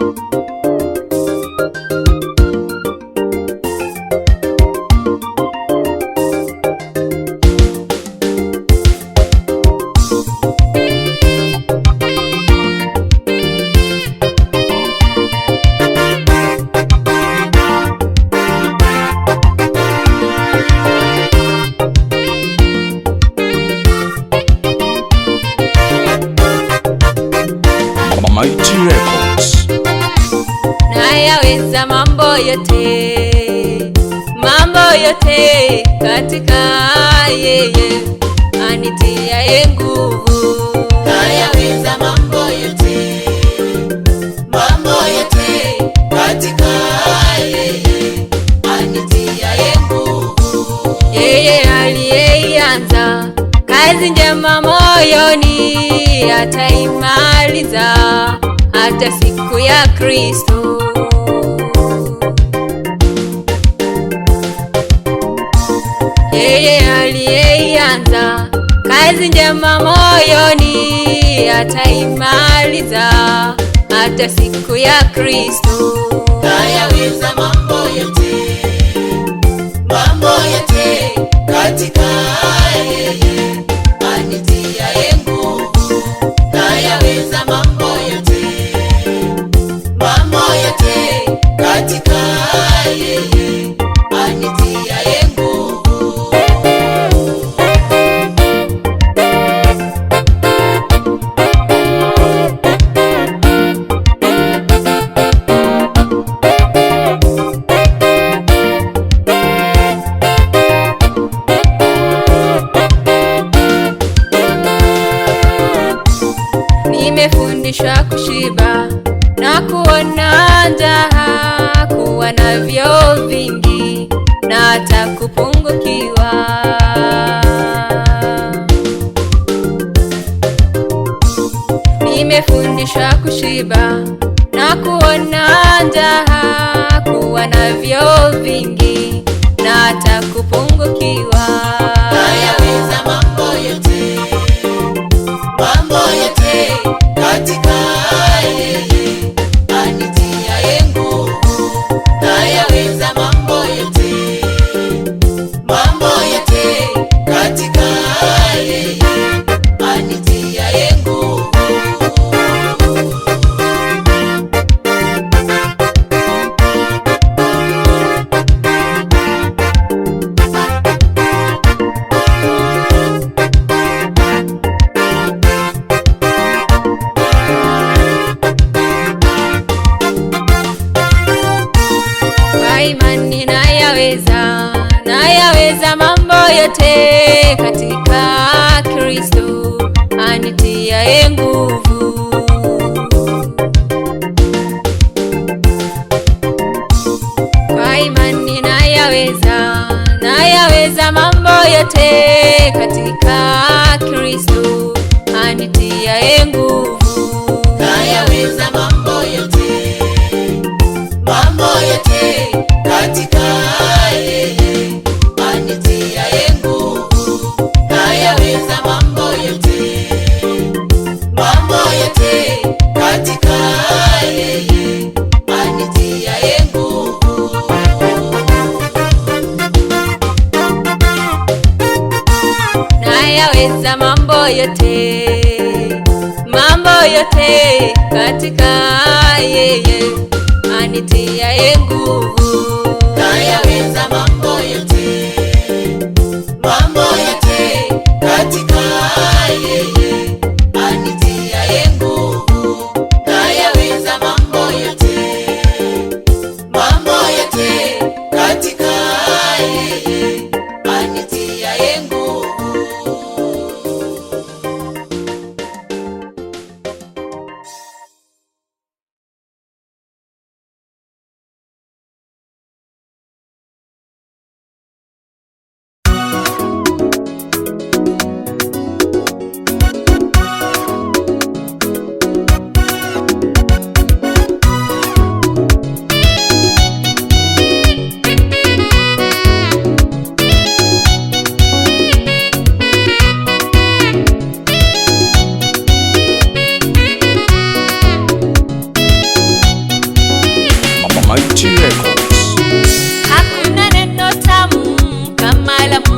Música Unaweza mambo yote, mambo yote katika yeye anitiaye nguvu. aliyeianza kazi njema moyoni ataimaliza hata siku ya Kristo. aliyeianza kazi njema moyoni ataimaliza hata siku ya Kristo. Tayaweza mambo yote, mambo yote katika yeye anitia kufundisha kushiba na kuona njaa, kuwa na vyeo vingi na hata kupungukiwa. mambo yote, mambo yote katika yote katika Kristo anitiaye nguvu. Kwa imani nayaweza, nayaweza mambo yote katika Kristo anitiaye nguvu. za mambo yote, mambo yote katika yeye anitiaye nguvu, nayaweza mambo yote la.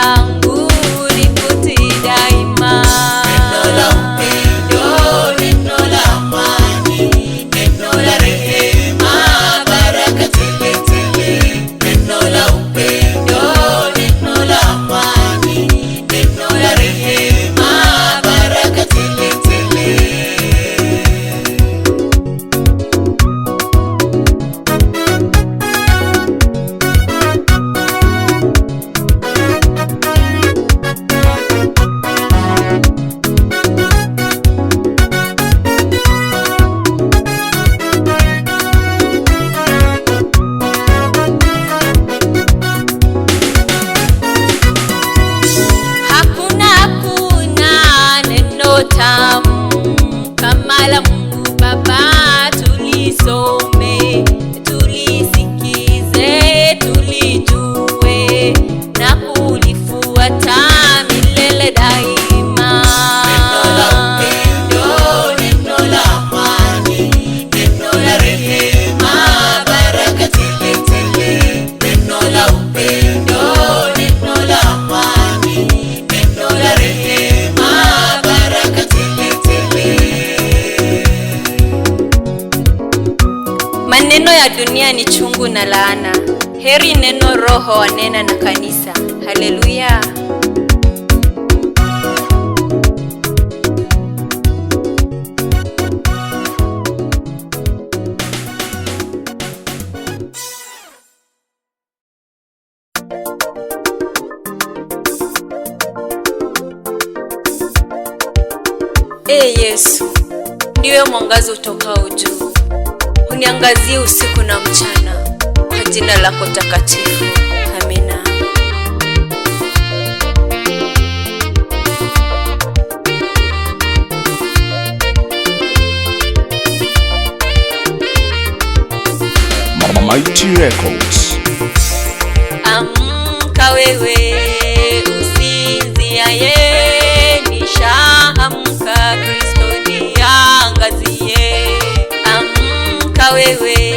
像。baba tuliso Heri neno Roho wanena na kanisa. Haleluya. Ee Yesu, ndiwe mwangazi utokao juu, uniangazie usiku na mchana jina lako takatifu. Amina. Mighty Records. Amka wewe usinziaye, nishaamka, Kristo niangazie. Amka wewe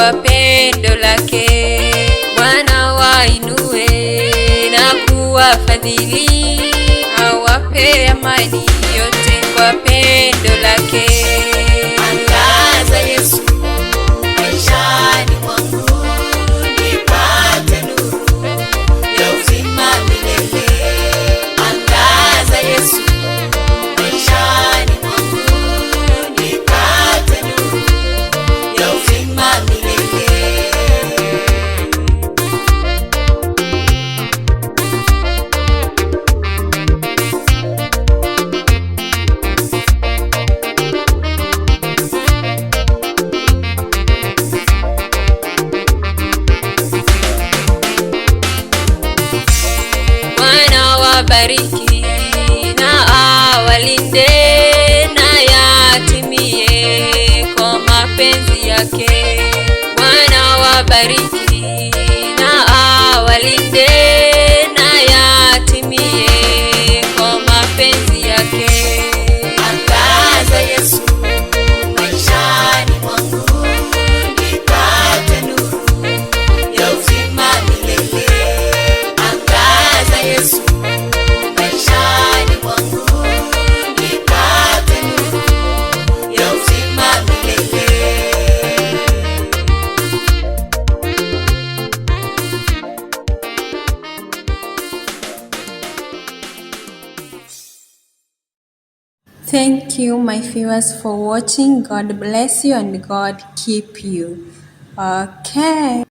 kwa pendo lake Bwana wainue na kuwafadhili awape amani yote kwa pendo lake. awabariki na awalinde na yatimie kwa mapenzi yake. Bwana wabariki na awalinde you, my viewers, for watching. God bless you and God keep you. Okay.